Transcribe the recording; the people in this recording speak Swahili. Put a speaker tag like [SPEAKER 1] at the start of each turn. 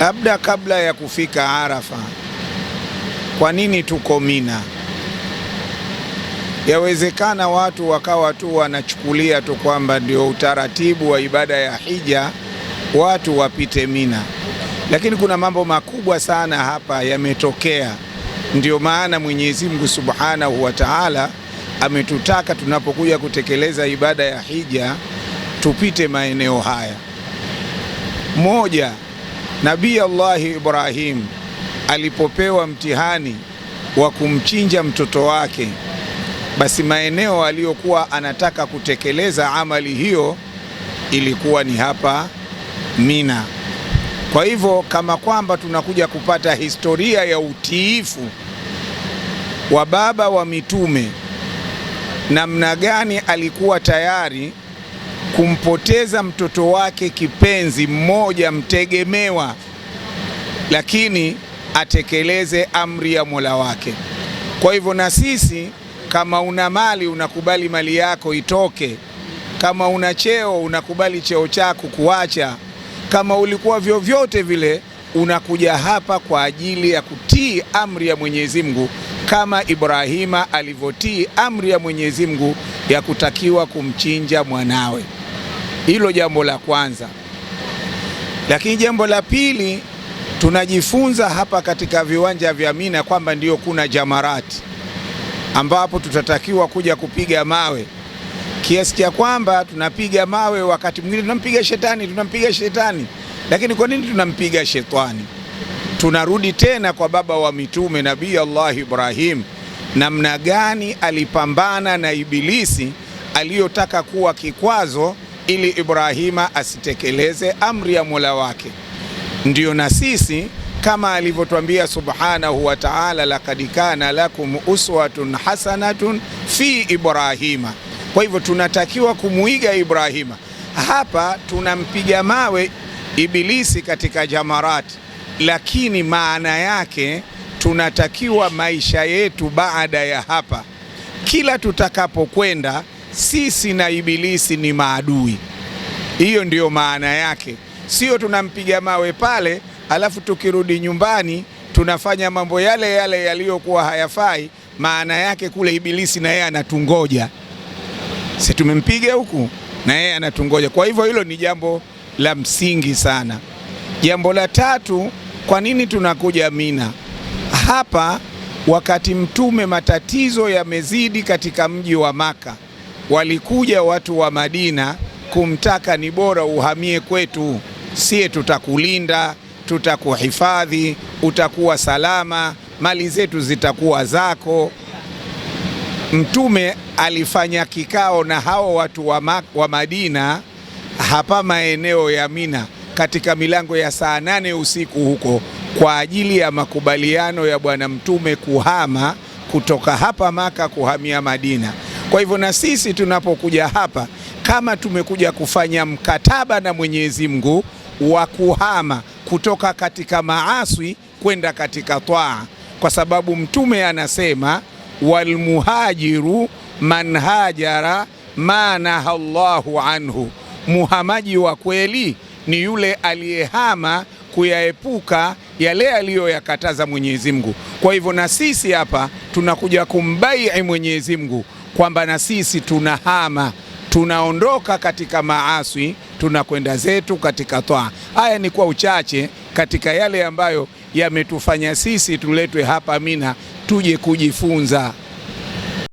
[SPEAKER 1] Labda kabla ya kufika Arafa, kwa nini tuko Mina? Yawezekana watu wakawa tu wanachukulia tu kwamba ndio utaratibu wa ibada ya hija watu wapite Mina, lakini kuna mambo makubwa sana hapa yametokea. ndio maana Mwenyezi Mungu Subhanahu wa Ta'ala ametutaka tunapokuja kutekeleza ibada ya hija tupite maeneo haya. Moja Nabii Allahi Ibrahim alipopewa mtihani wa kumchinja mtoto wake, basi maeneo aliyokuwa anataka kutekeleza amali hiyo ilikuwa ni hapa Mina. Kwa hivyo kama kwamba tunakuja kupata historia ya utiifu wa baba wa mitume, namna gani alikuwa tayari kumpoteza mtoto wake kipenzi mmoja mtegemewa, lakini atekeleze amri ya Mola wake. Kwa hivyo na sisi kama una mali unakubali mali yako itoke, kama una cheo unakubali cheo chako kuacha, kama ulikuwa vyovyote vile unakuja hapa kwa ajili ya kutii amri ya Mwenyezi Mungu kama Ibrahima alivyotii amri ya Mwenyezi Mungu ya kutakiwa kumchinja mwanawe. Hilo jambo la kwanza. Lakini jambo la pili tunajifunza hapa katika viwanja vya Mina kwamba ndio kuna jamarati ambapo tutatakiwa kuja kupiga mawe kiasi cha kwamba tunapiga mawe, wakati mwingine tunampiga shetani, tunampiga shetani. Lakini kwa nini tunampiga shetani? Tunarudi tena kwa baba wa mitume Nabii Allah Ibrahim, namna gani alipambana na Ibilisi aliyotaka kuwa kikwazo ili Ibrahima asitekeleze amri ya Mola wake. Ndiyo na sisi kama alivyotwambia subhanahu wa ta'ala, laqad kana lakum uswatun hasanatun fi Ibrahima. Kwa hivyo tunatakiwa kumuiga Ibrahima. Hapa tunampiga mawe Ibilisi katika jamarati, lakini maana yake tunatakiwa maisha yetu baada ya hapa, kila tutakapokwenda sisi na Ibilisi ni maadui. Hiyo ndiyo maana yake, sio tunampiga mawe pale alafu tukirudi nyumbani tunafanya mambo yale yale yaliyokuwa hayafai. Maana yake kule Ibilisi na yeye anatungoja, si tumempiga huku na yeye anatungoja. Kwa hivyo hilo ni jambo la msingi sana. Jambo la tatu, kwa nini tunakuja Mina hapa wakati mtume matatizo yamezidi katika mji wa Maka? walikuja watu wa Madina kumtaka ni bora uhamie kwetu, sie tutakulinda, tutakuhifadhi, utakuwa salama, mali zetu zitakuwa zako. Mtume alifanya kikao na hao watu wa, ma, wa Madina hapa maeneo ya Mina katika milango ya saa nane usiku huko kwa ajili ya makubaliano ya Bwana Mtume kuhama kutoka hapa Maka kuhamia Madina. Kwa hivyo na sisi tunapokuja hapa, kama tumekuja kufanya mkataba na Mwenyezi Mungu wa kuhama kutoka katika maaswi kwenda katika twaa, kwa sababu Mtume anasema walmuhajiru man hajara ma naha Allahu anhu, muhamaji wa kweli ni yule aliyehama kuyaepuka yale aliyoyakataza Mwenyezi Mungu. Kwa hivyo na sisi hapa tunakuja kumbai Mwenyezi Mungu kwamba na sisi tunahama tunaondoka katika maasi tunakwenda zetu katika twaa. Haya ni kwa uchache katika yale ambayo yametufanya sisi tuletwe hapa Mina tuje kujifunza.